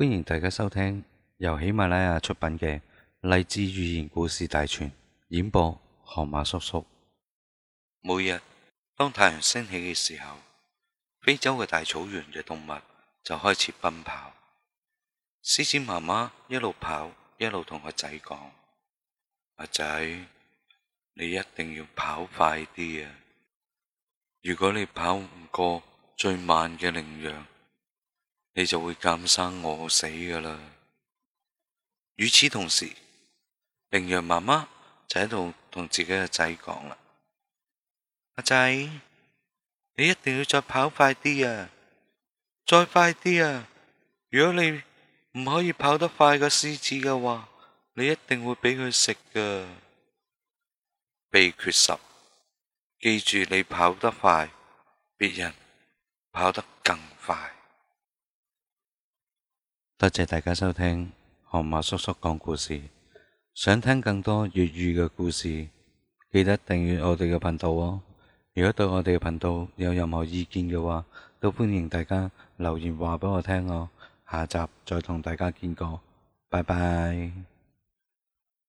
歡迎大家收聽由喜馬拉雅出品嘅《勵志寓言故事大全》，演播河馬叔叔。每日當太陽升起嘅時候，非洲嘅大草原嘅動物就開始奔跑。獅子媽媽一路跑，一路同個仔講：阿仔，你一定要跑快啲啊！如果你跑唔過最慢嘅羚羊，你就會咁生餓死噶啦！與此同時，羚羊媽媽就喺度同自己嘅仔講啦：阿仔，你一定要再跑快啲啊，再快啲啊！如果你唔可以跑得快個獅子嘅話，你一定會俾佢食噶。秘訣十，記住你跑得快，別人跑得更快。多謝大家收聽河馬叔叔講故事。想聽更多粵語嘅故事，記得訂閱我哋嘅頻道哦。如果對我哋嘅頻道有任何意見嘅話，都歡迎大家留言話俾我聽哦。下集再同大家見過，拜拜。